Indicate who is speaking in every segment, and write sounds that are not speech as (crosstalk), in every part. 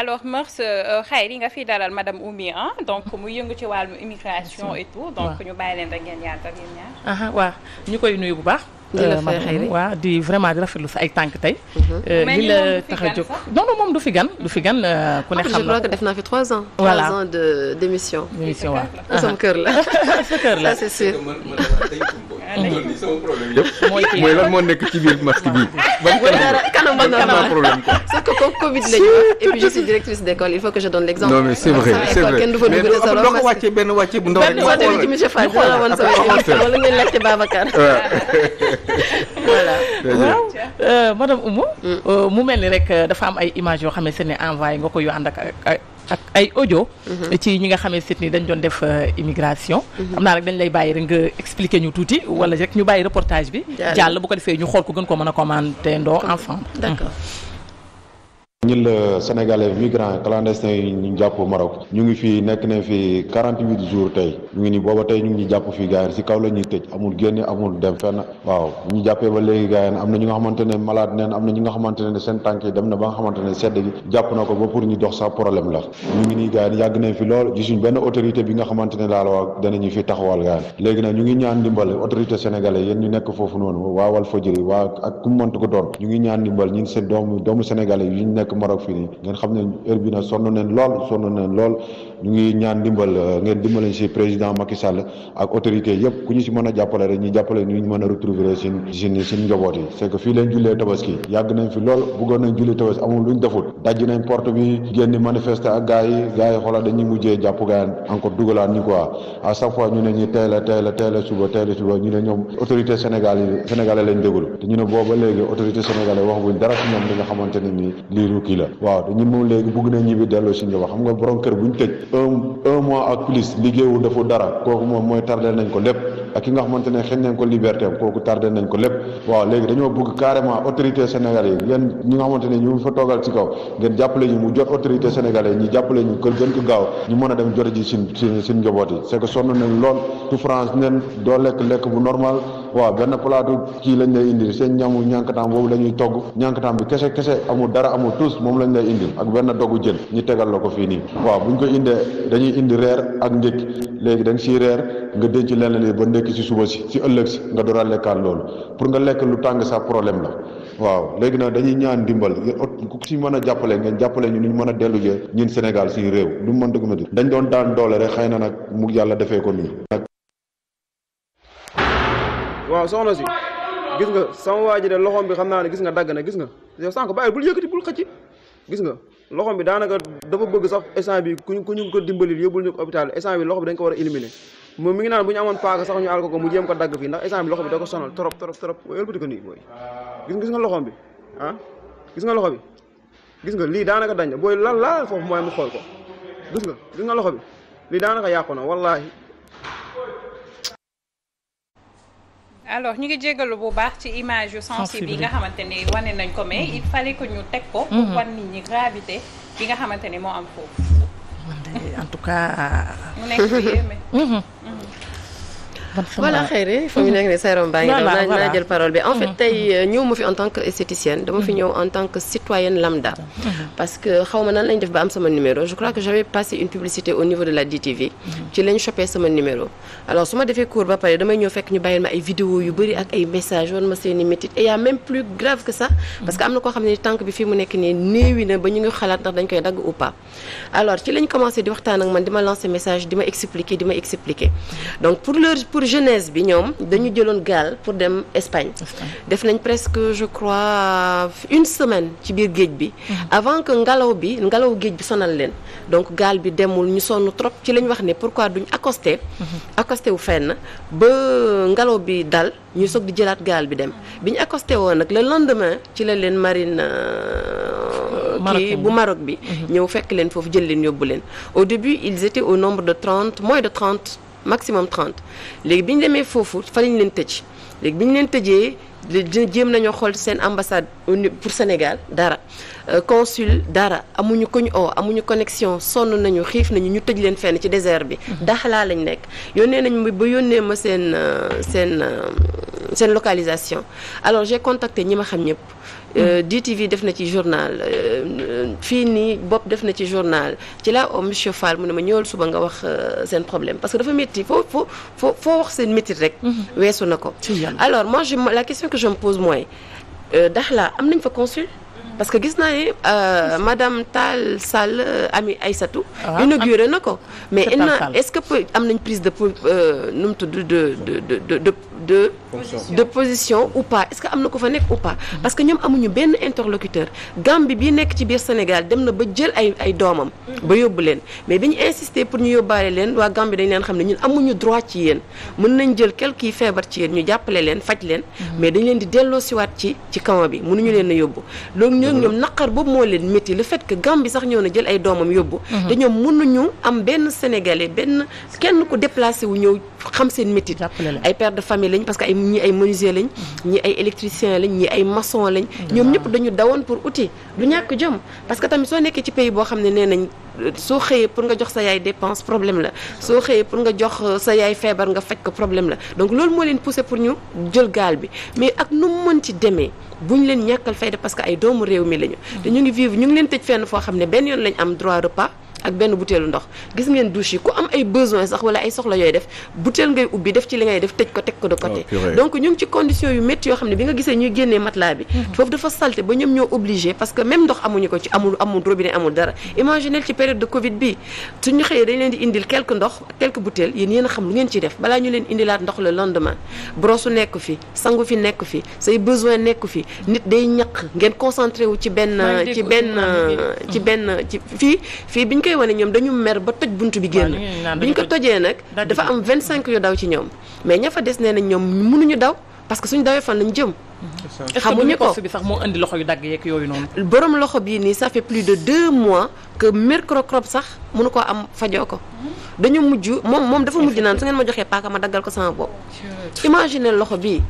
Speaker 1: alors Mœurs euh, euh, xay yi nga fiy dalal madame Oumy ah donc mu yëngu ci wàllum immigration et tout donc ñu bàyyi leen rek ngeen yaatal yéen ñaar.
Speaker 2: ah waaw ñu koy nuyu bu baax. di la euh, waaw di vraiment di rafetlu sa ay tànk tey. Mhm. li la tax a jóg non non moom du fi gan du fi gan ku ne ah, xam na. je crois que
Speaker 3: def naa fi trois ans. voilà trois ans de d'émission. émission waaw. sama kër la sa kër la c'est sûr.
Speaker 2: mooy lan moo
Speaker 4: nekk ci biir masque bi.
Speaker 3: ban kanam ba normal problème quoi. parce que comme Covid la ñu wax et puis je suis directrice d'école il faut que je donne l'exemple. non mais c'est vrai c'est vrai kenn du fa dugg de sa robe.
Speaker 4: wàccee benn wàccee bu ndaw rek.
Speaker 3: wala ngeen (laughs) waaw
Speaker 2: euh, madame Oumou. Mm. Euh, mu mel ni rek euh, dafa am ay images yoo xamante ne envoyé nga ko yu ànd ak ak ay audio. ci ñi nga xamee sit ni dañ doon def euh, immigration. Mhm. xam naa rek dañ lay bàyyi rek nga expliquer ñu tuuti wala rek ñu bàyyi reportage bi. jàll bu ko defee ñu xool ko gën ko mën a commenter ndoo ensemble. d'accord. Mhm.
Speaker 5: ñun la sénégalais migrants clandestins yi ñu jàpp Maroc ñu ngi fi nekk ne fi quarante huit jours tey ñu ngi ni booba tey ñu ngi ñu jàpp fii si kaw la ñuy tëj amul génne amul dem fenn waaw ba léegi gaayeen am na ñi nga xamante ne malade neen am na ñi nga xamante ne seen tànk yi na ba nga ne sedd gi ko ba pour ñu dox sax ngi nii gaayeen yàgg nañ fi lool gisuñ benn autorité bi nga xamante ne daal waa danañu fi taxawal gaayeen léegi nag ñu ngi ñaan ndimbal autorité sénégalais yéen ñu nekk foofu noonu waa Walfadjri waa ñu ngi ñaan ndimbal ñun seen doomu doomu sénégalais yi nekk Maroc fii nii ngeen xam ne heure bi na sonn neen lool sonn neen lool ñu ngi ñaan dimbal euh, ngeen dimbale si président Macky Sall ak autorité yëpp ku ñu si mën a jàppale rek ñu jàppale ñu mën a retrouver seen seen seen njaboot yi c'est lool bëggoon nañ jullee tabaski amul luñ defut dajj nañ porte bi génn manifester ak dañuy mujjee jàpp gars yi encore dugalaat ñu ñu ne ñu teel a teel a teel a suba ñu ne ñoom autorité Sénégal yi Sénégalais lañ ñu ne booba léegi autorité sénégalais wax buñ dara si ñoom li nga xamante ne nii lii kii la waaw te ñun moom léegi bëgg nañ ñibbi delloo si njaboot xam nga borom kër bu ñu tëj un un mois ak plus liggéeyu defu dara kooku moom mooy tardé nañ ko lépp ak ki nga xamante ne xëñ nañ ko liberté kooku tardé nañ ko lépp waaw léegi dañoo bëgg carrément autorité sénégal yi yéen ñi nga xamante ne ñu fa toogal ci kaw ngeen jàppale ñu mu jot autorité sénégalais ñu jàppale ñu kër gën ko gaaw ñu mën a dem jot ji sin sin sin njaboot yi c'est que sonn nañ lool souffrance neen doo lekk lekk bu normal waaw benn plateau kii lañ lay indil seen ñamu ñànkataam boobu la ñuy togg ñànkataam bi kese kese amul dara amul tous moom lañ lay indil ak benn dogu jën ñu tegal la ko fii nii waaw bu ñu ko indee dañuy indi reer ak ndékki léegi da siy reer nga denc leneen li ba ndékki si suba si si ëllëg nga door a loolu pour nga lekk lu tàng sa problème la waaw léegi nag dañuy ñaan dimbal ku si mën a jàppale ngeen jàppale ñu ñu mën a dellu ñun Sénégal si réew lu mën dëgg ma dañ doon daan doole rek xëy na nag mu yàlla defee ko nii
Speaker 4: waaw soxna si gis nga sama waa ji de loxoom bi xam naa ne gis nga dagg na gis nga yow sànq bàyyi bul yëkkati bul xëcc gis nga loxoom bi daanaka dafa bëgg sax instant bi ku ñu ko ko hôpital instant bi loxo bi dañ ko war a éliminer moom mi ngi naan bu ñu amoon paaka ko ko mu jéem ko dagg fii ndax instant bi loxo bi da ko sonal trop gis nga loxo bi nga lii daanaka dañ na booy laal laa foofu mooy mu xooy ko gis nga gis nga loxo bi lii daanaka yàqu na wallaahi
Speaker 1: alors ñu ngi jégalu bu baax ci image yu sensible yi nga xamante ne wane nañ ko mais il fallait que ñu teg ko pour mhm. wan nit ñi gravité bi nga xamante ne moo am foofu
Speaker 2: en tout cas mu nekk yéeme mhm. Mhm.
Speaker 3: voilà xëy fa mu nekk nii seeram baa ngi daw naa jël parole bi en fait mhm. tey mhm. Euh, ñëw ma fi en tant que esthéticienne dama fi mhm. ñëw en tant que citoyenne lambda parce que xaw nan lañ def ba am sama numéro je crois que j'avais passé une publicité au niveau de la DTV ci lañ chopé sama numéro alors su ma defee cours ba pare damay ñëw fekk ñu bàyyil ma ay vidéo yu bëri ak ay message woon ma seeni métit et y a même plus grave que ça parce que am na koo xam ne tànk bi fii mu di waxtaan ak man di ma lancer message di ma expliquer di ma jeunesse bi ñoom dañu jëloon gaal pour dem Espagne def nañ presque je crois une semaine ci biir géej bi mhm. avant que ngelaw bi ngelaw géej bi sonal leen donc gaal bi demul ñu sonn trop ci lañ wax ne pourquoi duñ accosté mhm. accosté wu fenn ba ngelaw bi dal ñu soog di jëlaat gaal bi dem bi ñu accosté woon nag la lendemain ci la leen marine euh, kii bu Maroc bi mhm. ñëw fekk leen foofu jël leen yóbbu leen au début ils étaient au nombre de trente mois de trente maximum trent léegi bi ñu demee foofu falañ leen tëj léegi bi ñu leen tëjee jéem nañoo xool seen ambassade pour Sénégal dara euh, consul dara amuñu koñ oo amuñu connexion sonn nañu xiif nañu ñu tëj leen fenn ci désert bi. Mm-hmm. Daxlaa lañ nekk yónnee nañ ba yónnee ma seen euh, seen. Euh, seen localisation alors j'ai contacté ñi ma xam ñëpp. Euh, mm. DTV def na ci journal euh, fii nii bopp def na ci journal ci laa oo monsieur Fall mu ne ma ñëwal suba nga wax euh, seen problème parce que dafa métti foo foo foo foo wax seen métti rek. Mm-hmm. weesu na ko. alors moi je la question que je me pose mooy Dakhla am nañ fa consul. parce que gis naa ne euh, madame Tall Sall euh, Ami Aïssatou. waaw ah, inauguré na ko. mais ina est-ce que am nañ prise de euh, nu mu tudd de de de de de. de position ou pas est am na ko fa nekk ou pas. Mhm. parce que ñoom amuñu benn interlocuteur Gambie bi nekk ci biir Sénégal dem na ba jël ay ay doomam. Mhm. ba yóbbu leen mais bi ñu insister pour ñu yóbbaale leen waa Gambie dañ leen xam ne ñun amuñu droit ci yéen mën nañ jël quelque yi feebar ci yéen ñu jàppale leen faj leen. Mhm. mais dañ leen di delloosiwaat ci ci camp bi mënuñu leen a yóbbu. ñun ñoom naqar boobu moo leen métti le fait que Gambie sax ñoo na jël ay doomam yóbbu mhm. te ñoom mënuñu am benn sénégalais benn kenn ku déplacé wu ñëw xam seen métti ay père famille lañ parce ñi ay menuisier lañ mhm. ñi ay électricien lañ ñi ay maçon lañ mhm. ñoom ñëpp dañu dawoon pour outil du ñàkk jom parce tamit soo nekkee ci pays boo xam ne nee soo xëyee pour nga jox sa yaay dépense problème la soo xëyee pour nga jox euh, sa yaay feebar nga faj ko problème la donc loolu moo leen poussé pour ñu jël gaal bi mais ak nu mu mën ci demee buñ leen ñàkkal fayda parce que ay doomu réew mi lañu. te ñu ngi vivre ñu ngi leen tëj fenn foo xam ne benn yoon lañ am droit repas. ak benn butéelu ndox gis ngeen douche yi ku am ay besoin sax wala ay soxla yooy def butéel ngay ubbi def ci li ngay def tëj ko teg ko de côté oh, donc ñu ci condition yu métti yoo xam ne bi nga gisee ñuy génnee matelas bi mhm. foofu dafa salté ba ñoom ñoo obligé parce que même ndox amuñu ko ci amul amul amul dara imaginez ci période de covid bi suñu xëyee dañ leen di indil quelque ndox quelque butéel yéen yéen xam lu ngeen ciy def balaa ñu leen indilaat le lendemain brosu nekk fi sangu fi nekk fi say besoin nekk fi nit day ñaq ngeen concentré wu ci benn ci benn ci benn ci koy wane ñoom dañu mer ba toj buntu bi génn bi ñu ko tojee nag dafa am vingt cinq yu daw ci ñoom mais ña fa des nee nañ ñoom mënuñu daw parce que suñu dawee fan lañ jëm xamuñu ko bi
Speaker 2: sax moo indi loxo yu dagg yeeg yooyu noonu
Speaker 3: borom loxo bii nii ça fait plus de deux mois que mercrocrop sax mënu koo am fajoo ko dañu mujj moom moom dafa mujj naan su ngeen ma joxee paaka ma daggal ko sama bopp imagine loxo bii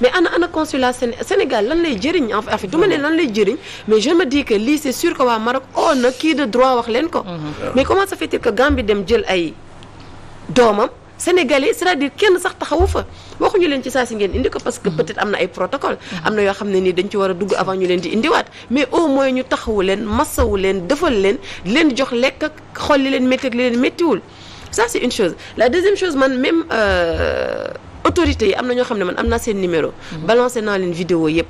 Speaker 3: mais ana ana consulat Sénégal lan lay jëriñ en fait du ma ne lan lay jëriñ mais je me dis que lii c'est sûr que waa Maroc oo oh, na kii de droit wax leen ko. Mhm. mais comment ça fait-il dem jël ay doomam. Sénégalais c'est-à-dire kenn sax taxawu fa waxuñu leen ci saa si ngeen indi ko parce que mhm. peut-être am na ay protocole mhm. am na yoo xam ne nii dañ ci war a dugg avant ñu leen di indiwaat mais au moins ñu taxawu leen massawu leen defal leen leen jox lekk ak xool li leen métti ak li leen méttiwul ça c'est la deuxième chose man même. Euh... autorités yi am na ñoo xam ne man am naa seen numéro. balancé naa leen vidéo yëpp.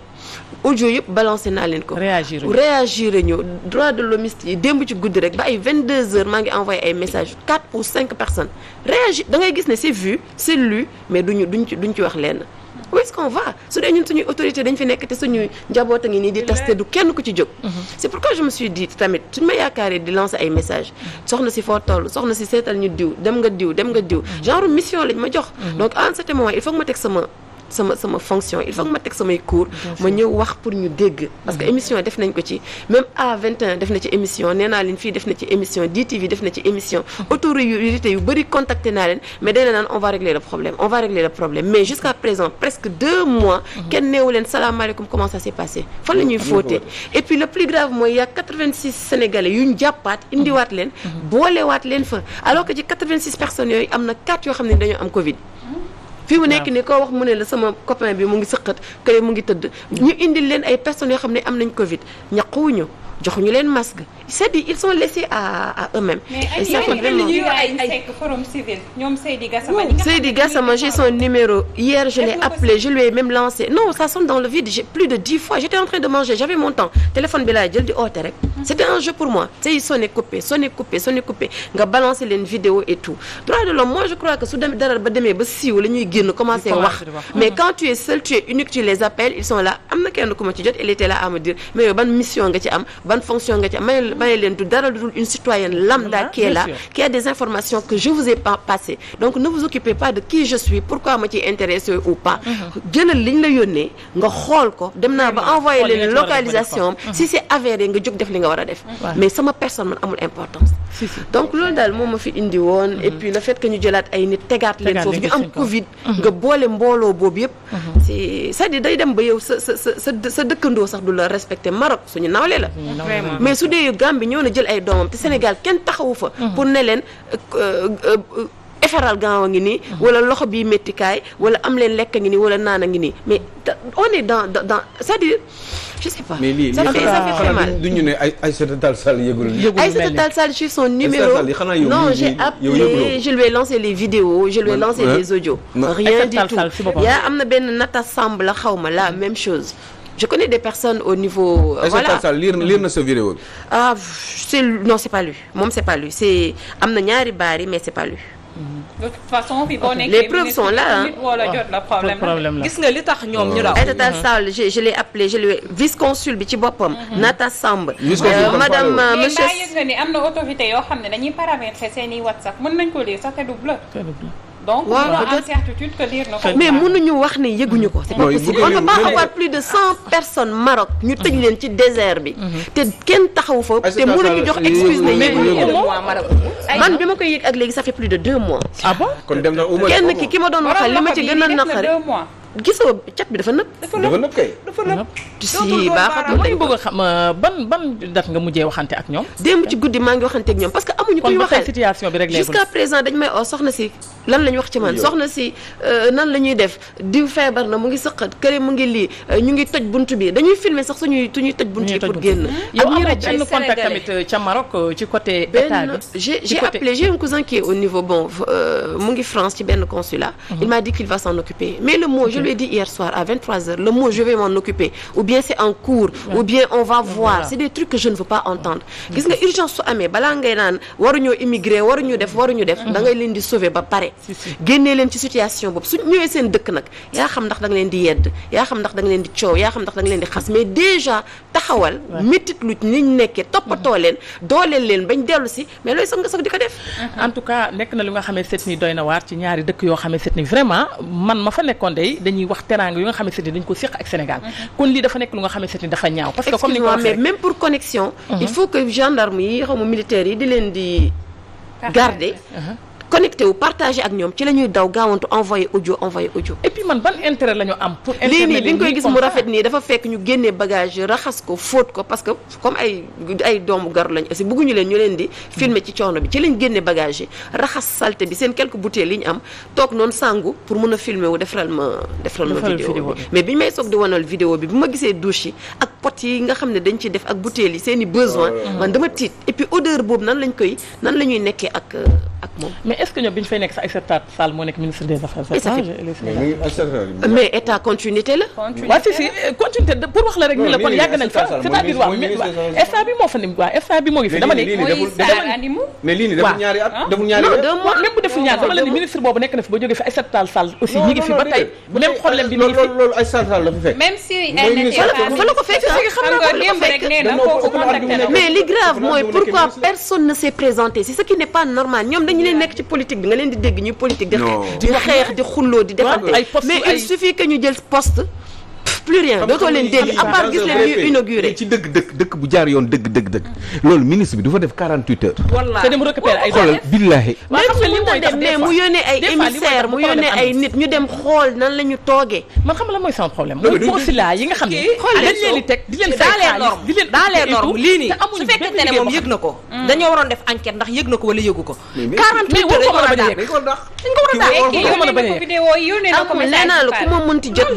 Speaker 3: audio yëpp balancé naa leen ko. réagir réagir ñu droit de l'hommiste yi démb ci guddi rek ba ay 22 heures maa ngi envoyé ay message 4 ou cinq personnes réagir da ngay gis ne c'est vu c'est lu mais duñu duñ ci duñ ci wax lenn. où est-ce qu'on su dee ñun suñuy autorité dañ fi nekk te suñuy njaboot a ngi nii di tas te du kenn ku ci jóg mhm. c'est pourquoi je me suis dit tamit suñ ma yaakaaree di lancer ay message mhm. soxna si foo toll soxna si seetal ñu diw dem nga diw dem nga diw mhm. genre mission lañ ma jox donc à un certain moment il faut ma teg sama sama sama fonction il faut que ma teg samay cours ma ñëw wax pour ñu dégg parce que mhm. émission def nañ ko ci même A21 def na ci émission nee naa leen fii def na ci émission DTV def na ci émission mhm. autorité yu bëri contacté naa leen mais dañ naan on va régler le problème on va régler le problème mais jusqu'à présent presque deux mois mhm. kenn neewu leen salaamaaleykum comment ça s'est passé fan la ñuy fóotee et puis le plus grave mooy y'a 86 sénégalais yu ñu jàppaat indiwaat leen boolewaat leen fa alors que ci 86 personnes yooyu am na 4 yoo xam ne dañoo am covid fi mu nekk ni ko wax mu ne la sama copain bi mu ngi sëqat kële mu ngi tëdd ñu indil leen ay personnes yoo xam ne am nañ Covid ñaquwuñu joxuñu leen masque c'est-à-dire ils sont laissés à à eux-mêmes. et ça fait vraiment ay
Speaker 1: ay forum civil ñoom Seydi Gassama. Seydi son
Speaker 3: numéro hier je l'ai appelé je lui ai même lancé non ça sonne dans le vide plus de dix fois j'étais en train de manger j'avais mon temps téléphone bi laay jël di c'était un jeu pour moi c'est sonné coupé sonné coupé sonné coupé nga leen vidéo et tout droit de l'homme moi je crois que su demee dara ba demee ba siiw la ñuy génn commencer wax mais quand tu es seul es unique tu les appelles ils sont là am na kenn ku ma ci jot elle mission nga ci am ban fonction nga bàyyi leen du dara lu dul une citoyenne lambda qui est là qui des informations que je vous ai pas donc ne vous occupez pas de qui je suis pourquoi ma ciy intéressé ou pas jëlal mhm. liñ la yónnee nga xool ko dem naa ba envoyé leen localisation am si c'est avéré nga jóg def li nga war a def mhm. mais sama personne man amul importance donc loolu daal moom ma fi indi woon mhm. et puis le fait que ñu jëlaat ay nit tegaat leen foofu ñu am covid nga boole mbooloo boobu yëpp sa cest day dem ba yow sa sa sa sa dëkkandoo sax du la respecté Maroc suñu nawle la mais su dee Gambie ñoo na jël ay doomam te Sénégal kenn taxawu fa. Mhm. pour ne leen. defaral gan a ngi ni mhm. wala loxo bii méttikaay wala am leen lekk ngi ni wala naan a ngi ni mais on est dans dans c'est-à-dire je sais pas. mais lii lii xanaa
Speaker 4: du ñu ne ay Aïssata Tall Sall yëgul. yëgul Aïssata
Speaker 3: Tall Sall sur son numéro non j'ai appelé je lui ai lancé les vidéos je lui ai lancé les audios. ya am na benn Nata Samb la xaw ma la mm. même chose. je connais des personnes au niveau. Euh, voilà est lire lire na sa vidéo bi. ah c'est pas lui moom c'est pas lui c'est am na ñaari baar yi mais c'est pas lui.
Speaker 1: de toute façon fi boo nekkee les preuves sont là ah problème la gis nga li tax ñoom ñu daw. Aïssata Tall je je l'ai
Speaker 3: appelé vice consul bi ci boppam. Mhm. Nata Samb. Euh, madame euh, monsieur
Speaker 1: mais ni am na autorité yoo xam ne dañuy paramétrer seen i WhatsApp mën nañ ko lire sax te donc waaw voilà, peut-être certitude na ko mais
Speaker 3: mënuñu wax ni yëguñu ko c'est pas possible on ne peut pas avoir plus de cent personnes Maroc ñu tëj mhm. leen ci désert bi mhm. te kenn taxawu fa te mënuñu jox excuse ne yëguñu ko man bi ma koy yëg ak léegi ça fait plus de deux mois ah dem na kenn ki ki ma doon waxal li ma ci gën a naqari gisoo cat bi dafa nëb. dafa nëb kay dafa nëb.
Speaker 2: si dañ bëgg a xam euh, ban ban date nga mujjee waxante ak ñoom. démb ci guddi
Speaker 3: maa ngi waxante ak ñoom parce amuñu. kuy waxal kon bi réglé jusqu'à présent dañ may oo lan lañ wax ci man soxna si euh, nan la ñuy def diw feebar na mu ngi sëqat kële mu ngi lii euh, ñu ngi toj bunt bi dañuy filmer sax suñuy suñuy toj bunt yi pour génn yow amoo benn contact tamit
Speaker 2: euh, ca Maroc ci
Speaker 3: côté état bi j'ai j'ai appelé j'ai ngi France ci benn consulat mhm. il m'a dit qu'il va s'en occuper mais le mot je lui ai dit hier soir à 23 le mot je en cours ou bien va su amee bala ngay naan waruñoo immigré ñu def waruñu def mhm. da ngay leen di sauver ba pare génnee leen ci situation boobu su ñëwee seen dëkk nag yaa xam ndax da leen di yedd yaa xam ndax da nga leen di coow yaa xam ndax da leen di xas mais déjà taxawal métit lu ni ñu nekkee toppatoo mm-hmm. leen dooleel leen
Speaker 2: bañ dellu si mais looy soog nga soog di ko def mm-hmm. en tout cas nekk na lu nga xamee set ni doy na waar ci ñaari dëkk yoo xamee set ni vraiment ma fa nekkoon day dañuy wax teraanga yu nga xamee ni dañ ko séq ak Sénégal mm-hmm. kon lii dafa nekk lu nga xamee set ni dafa ñaaw parce que comme ni nga mais même
Speaker 3: pour connexion il yi di leen di garder connecté wu partagé ak ñoom ci la ñuy daw gaawantu envoyé audio envoyé audio. et
Speaker 2: puis man ban intérêt la ñu am. pour lii nii bi nga koy gis mu rafet
Speaker 3: nii dafa fekk ñu génnee bagage raxas ko fóot ko parce que comme ay ay doomu garu lañ aussi bëgguñu leen ñu leen di. filmer ci coono bi ci lañ génne bagage yi raxas salté bi seen quelques bouteilles yi ñu am toog noonu sangu pour mën a filmer wu defaral ma. defaral ma vidéo bi mais biñ may soog di wanal bi bu ma gisee douche yi nga xam ne dañ ciy def ak bouteilles yi seen i man dama tiit et puis boobu nan lañ koy nan la ñuy nekkee ak. Euh, ak mais est-ce bi ñu fay nekk sa Aïssata Tall moo nekk ministre
Speaker 2: des affaires mais état continuité la. continuité waaw si continuité pour wax la rek ni la kon yàgg nañ fa cest bi moo fa ni waaw état bi moo ngi fi dama mais bu deful ñaar dama la ni ministre boobu nekk na fi ba jógee fi Aïssata Tall aussi ñi fi ba tey même problème bi. loolu loolu Aïssata Tall la fi fekk. même si ko fekk xam naa ko fekk mais li grave mooy pourquoi
Speaker 3: personne ñu leen nekk ci politique bi nga leen di dégg ñuy politique di xeex di xulloo di defante mais il suffit que ñu jël post plus dootoo leen dégg à gis leen ñuy
Speaker 4: inauguré ci dëgg dëgg bu jaar yoon dëgg dëgg loolu ministre bi dafa def 48 heures
Speaker 3: te dem récupérer ay xoolal billaahi mais mu leen di lii nii su
Speaker 2: fekkee ne moom yëg na ko mm. dañoo waroon def enquête ndax yëg na ko wala yëgu ko 48 heures dañ ko war a daax dañ ko war a daax
Speaker 1: amul leneen lu ku ma
Speaker 3: mënti jot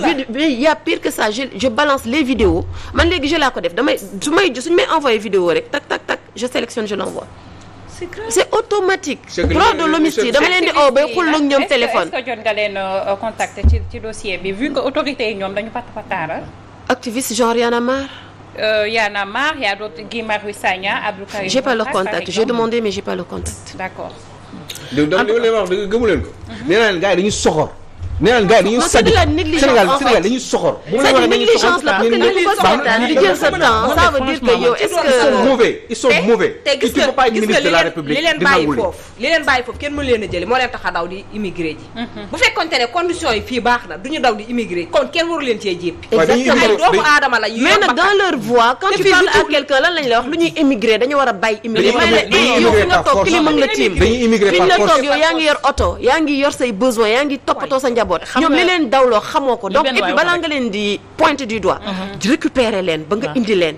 Speaker 3: y a pire que ça je je balance les vidéos man léegi je laa ko def damay su may suñu may envoyé vidéo rek tac tac tac je sélectionne je l'envoie c'est automatique. pro de l'homistie dama leen di oo bay xul ak ñoom téléphone. est-ce
Speaker 1: que jot nga leen euh, contacter ci ci dossier bi vu que autorité ñoom dañu pat pataaral. activiste genre Y'en a euh, a marre a d'autres j'ai pas leur contact j'ai demandé
Speaker 3: mais j'ai pas leur contact. d'accord.
Speaker 4: donc li ma leen wax dëgg gëmu leen ko. Mhm. nee naa leen gars yi dañu soxor. nee naan gars yi dañuy sadi Sénégal Sénégal soxor. bu ma la sa temps ça veut que yow est que.
Speaker 2: Eh, li leen bàyyi foofu. kenn mënu leen a moo leen tax daw di immigré ji. Mhm. bu fekkonte ne conditions yi fii baax na du ñu daw di immigré kon kenn waru leen cee jépp. exactement doomu aadama la yu
Speaker 3: dans leur voix quand tu parles à quelqu'un lan immigré dañu war a bàyyi immigré yow fi nga toog climat nga tiim fi ñu toog yow yaa ngi yor oto yaa ngi yor say besoin yaa ngi toppatoo sa njaboot saboté leen dawloo xamoo ko donc et balaa nga leen di pointe du doigt mhm. récupérer leen ba nga indi leen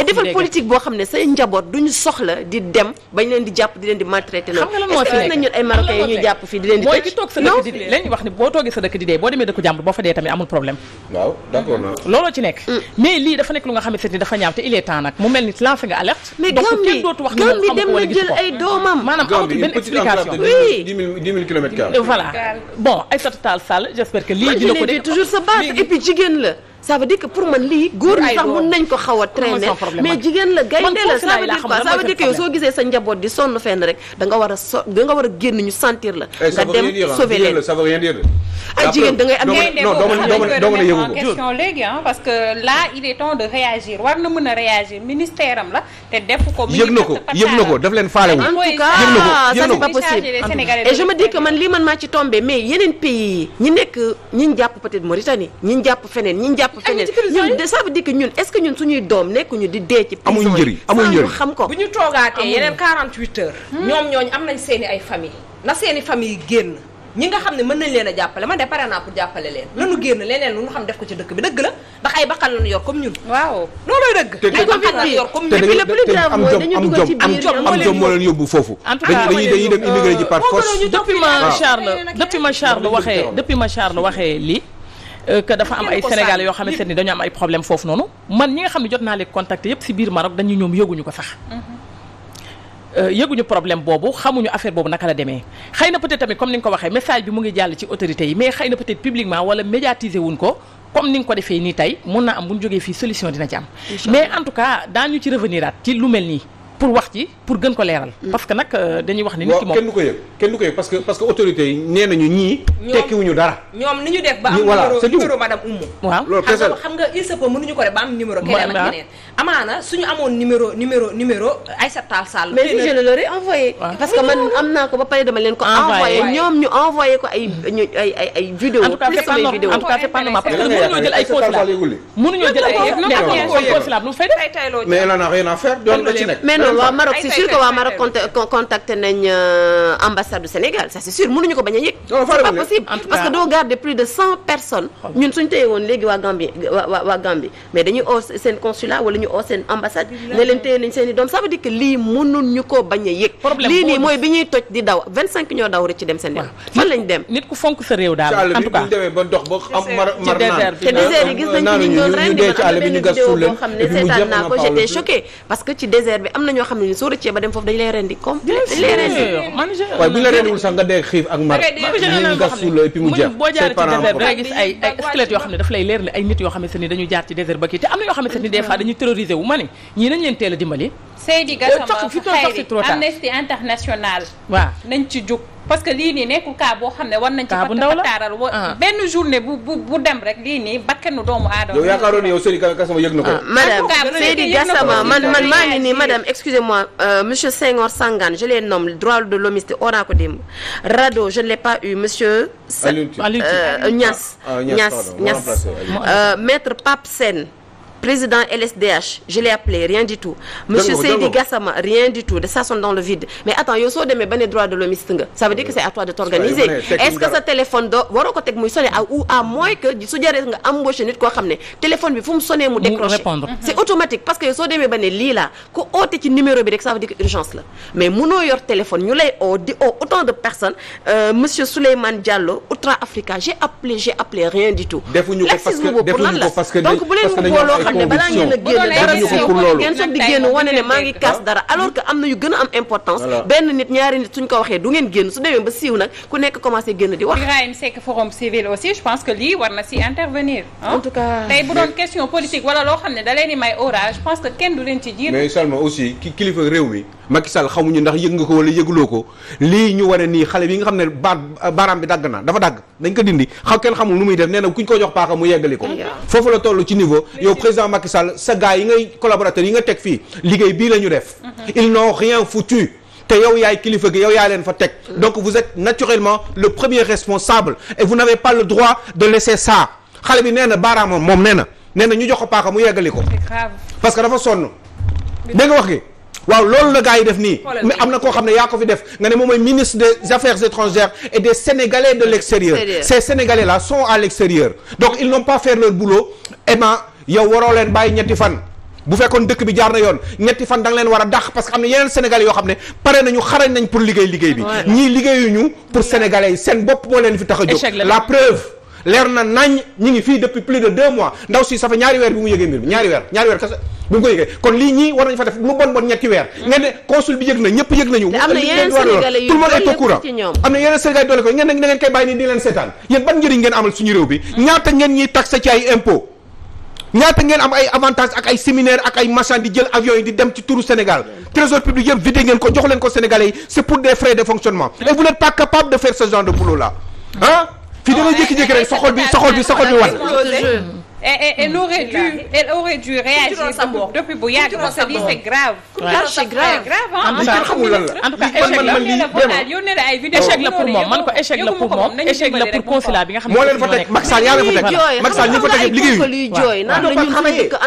Speaker 3: et defal politique boo xam ne say njaboot duñu soxla di dem bañ leen di jàpp di leen di maltraité loolu est di dee
Speaker 2: boo toogee dëkk jàmbur boo fa dee tamit amul problème looloo ci nekk mm. mais lii dafa nekk lu nga xamante ni dafa ñaaw te il est temps nag mu mel ni lancé nga alerte mais kenn dootu wax ni dem na jël
Speaker 3: ay doomam maanaam amatul benn Sall j'espère que lii dina sa base et puis la ça veut que pour man lii góor ñi sax mun nañ ko xaw a mais jigéen la gaynde la ça veut que yow soo gisee sa njaboot di sonn fenn rek da war a so da war a génn ñu sentir la eh, nga dem sauver
Speaker 4: leen jigéen da ngay am non dooga la ko question
Speaker 1: léegi ah parce que là il est temps de réagir war na mën a réagir ministère am la te def ko yëg na ko yëg na
Speaker 4: ko daf
Speaker 3: leen faalewu en tout cas ça c'est pas possible et je me
Speaker 1: dis que man lii man maa ci tombé mais yeneen
Speaker 3: pays jàpp feneen ñun de ça veut dire ñun est-ce que ñun doom nekkuñu di dee ci prison yi amuñ njëriñ xam ko bu ñu toogaatee yeneen 48 heures ñoom ñooñu am nañ seeni ay na seeni famille génn ñi nga xam ne mën nañ
Speaker 2: leen jàppale man de génn leneen lu ñu xam def ko ci dëkk bi dëgg la comme ñun waaw looloy dëgg ay bakkan
Speaker 4: foofu dañuy dañuy dem immigré ji par force depuis ma
Speaker 2: Charles depuis waxee depuis ma Charles waxee lii Euh, que dafa am ay Sénégalais yoo xamante ni dañu am ay problème foofu noonu man ñi nga xam ne jot naa leen contacter yëpp ci biir Maroc dañu ñoom yëguñu ko sax mm-hmm. euh, yëguñu problème boobu xamuñu affaire boobu naka la demee xëy na peut-être tamit comme ni nga ko waxee message bi mu ngi jàll ci autorités yi mais xëy na publiquement wala médiatiser wuñ ko comme ni nga ko defee nii tey mun naa am bu ñu jógee fii solution dina ci am mais en tout cas daañu ci revenir at ci lu mel nii pour wax ci pour gën ko leeral. Hmm. parce que nag euh, dañuy wax ni. nit moom kenn
Speaker 4: ko yëg kenn ko yëg parce que parce yi nee nañu ñii. tekkiwuñu dara.
Speaker 2: ñoom ni ñu def ba am numéro numéro madame
Speaker 4: waaw xam nga
Speaker 2: xam nga il se peut mënuñu ko def ba am numéro. keneen ak keneen amaana suñu amoon numéro numéro numéro Aïssata Tall
Speaker 3: envoyé. parce que man am naa ko ba pare dama leen ko. envoyé ñoom ñu envoyé ko ay ñu ay ay ay vidéo. en parce que
Speaker 2: mënuñoo jël ay
Speaker 3: jël
Speaker 4: ay consulat
Speaker 3: lu fay
Speaker 1: def
Speaker 4: mais elle ci nekk
Speaker 3: waa Maroc c'est sûr que waa Maroc contacté nañ euh, ambassade Sénégal c'est sûr mënuñu ko bañ a yëg c'est pas possible parce que doo garder plus de cent personnes ñun suñ téye woon léegi waa Gambie waa waa mais dañuy oo seen consulat wala ñu oo seen ambassade ne leen nañ seen doom ça veut que lii mënun ñu bañ a yëg lii nii mooy bi ñuy toj di daw ñoo daw rek ci dem seen réew fan lañ dem nit ku fonk sa réew daal en te
Speaker 4: désert yi gis
Speaker 3: nañ ci ñoo xam ne ni soo rëccee ba dem foofu dañ lay rendi comme dañ lay rendi
Speaker 2: mu jeex boo jaaree ci désert ba kii te am na yoo xamante ni des fois dañuy terroriser wu ma ne ñii nañ leen teel a dimbali
Speaker 1: Seydi Gassama Khayri Amnesty International waaw ah. benn journée bu bu bu dem rek lii nii bakkanu doomu aadama yow yaakaaroon
Speaker 4: yow Seydi Gassama yëg na ko
Speaker 3: ah, madame maa ngi nii madame excusez-moi euh, monsieur Senghor Sangane je les nomme droit de l'homiste oraa ko démb Rado je ne l'ai pas eu monsieur euh, ah, Niass Niass Niass euh, maître Pape Sène président LSDH je l'ai appelé rien du tout. monsieur Seydi Gassama rien du tout de ça sonne dans le vide mais attends yow soo demee ba ne droit de l'homiste nga. ça veut dire que c'est à de t'organiser est que sa téléphone doo waroo ko teg muy sonné à ou à moins que su jaree nga embauché nit koo xam ne téléphone bi fu mu sonné mu décroché. c'est automatique parce que yow soo demee ba ne lii ku yor téléphone ñu lay oo di oo autant de personnes euh, monsieur Souleymane Diallo Outra Africa j'ai appelé j'ai xam ne balaa ngeen a génn dara ngeen soog di génn wane ne maa ngi kaas dara alors que am na yu gën a am importance benn nit ñaari nit suñ ko waxee du ngeen génn su demee ba siiw nag ku nekk commencé génn di wax
Speaker 1: Birahim Seck forum civil aussi je pense que lii war na si intervenir en tout cas wala loo xam ne da leen di may orage je pense que kenn du leen ci jiir mais
Speaker 4: seulement aussi kilifa réew mi Macky Sall xamuñu ndax yëg nga ko wala yëgloo ko lii ñu wane nii xale bi nga xam ne baat baaraam bi dagg na dafa dagg dañ ko dindi xaw kenn xamul lu muy def nee na kuñ ko jox paaka mu yeggali ko foofu la toll ci niveau yow président sa gars yi ngay collaborateur yi nga teg fii liggéey bii la ñu def mhm. ils n'ont rien foutu te yow yaay kilifa gi yow yaa leen fa teg mhm. donc vous êtes naturellement le premier responsable et vous n'avez pas le droit de laisser ça xale bi nee na baaraamam moom nee na nee na ñu jox ko paaka mu yeggali ko parce que dafa sonn dégg wax gi waaw loolu na gars yi def nii mais am na koo xam ne yaa ko fi def nga ne moom mooy ministre des affaires étrangères et des sénégalais de l'extérieur ces sénégalais là sont à l'extérieur donc ils n'ont pas fait leur boulot yow waroo leen bàyyi ñetti fan bu fekkoon dëkk bi jaar na yoon ñetti fan da nga leen war a dàq parce que am na yeneen sénégalais yoo xam ne pare nañu xarañ nañ pour liggéey liggéey bi ñii liggéeyuñu pour sénégalais yi seen bopp moo leen fi tax a leer na nañ ñi ngi fii depuis plus de deux mois ndaw si safa ñaari weer bi mu yëgee mbir bi ñaari weer ñaari weer kese bi mu ko yëgee kon lii ñii war nañ fa def lu bon bon ñetti weer mm. ngeen consul bi yëg ñëpp nañu tout le courant am na yeneen sénégalais doole ko ngeen ne da ngeen koy bàyyi nii di leen seetaan yéen ban njëriñ ngeen amal suñu réew bi mm. ñaata ngeen ñuy taxé ci ay impôt ñaata ngeen am ay avantage ak ay séminaire ak ay marchand di jël avion yi di dem ci turu Sénégal trésor ko jox leen ko sénégalais yi c'est pour fii dangay jékki-jékki rek sa xol bi sa xol bi sa xol bi wan
Speaker 1: et hmm. elle aurait dû elle aurait dû réagir depuis bu yàgg parce que lii c'est grave. la pour moom
Speaker 2: man ko échec la pour moom bi nga xam ne. moo leen fa teg Macky yaa leen fa teg Macky Sall ñu fa teg liggéeyu jooy naan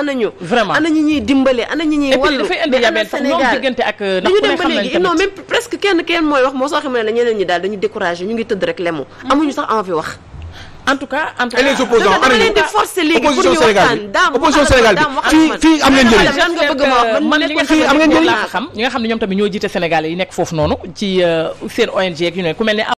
Speaker 3: la ñu vraiment ana ñuy dimbale ana ñu ñuy wàllu dafay indi yabeel sax ñoom diggante ak ndax ku presque kenn kenn mooy wax moo soo xam ne la ñeneen ñi daal dañu découragé ñu ngi tëdd rek lemu mm-hmm. amuñu sax envie wax en tout cas
Speaker 2: en tout cas et leen di forcer léegi pour ñu waxtaan daam opposition Sénégal bi fii fii am ngeen njëriñ man li nga xam ne ñoom laa xam ñi nga xam ñoom tamit ñoo jiite Sénégal yi nekk foofu noonu ci euh, seen ONG ak ne ku mel ne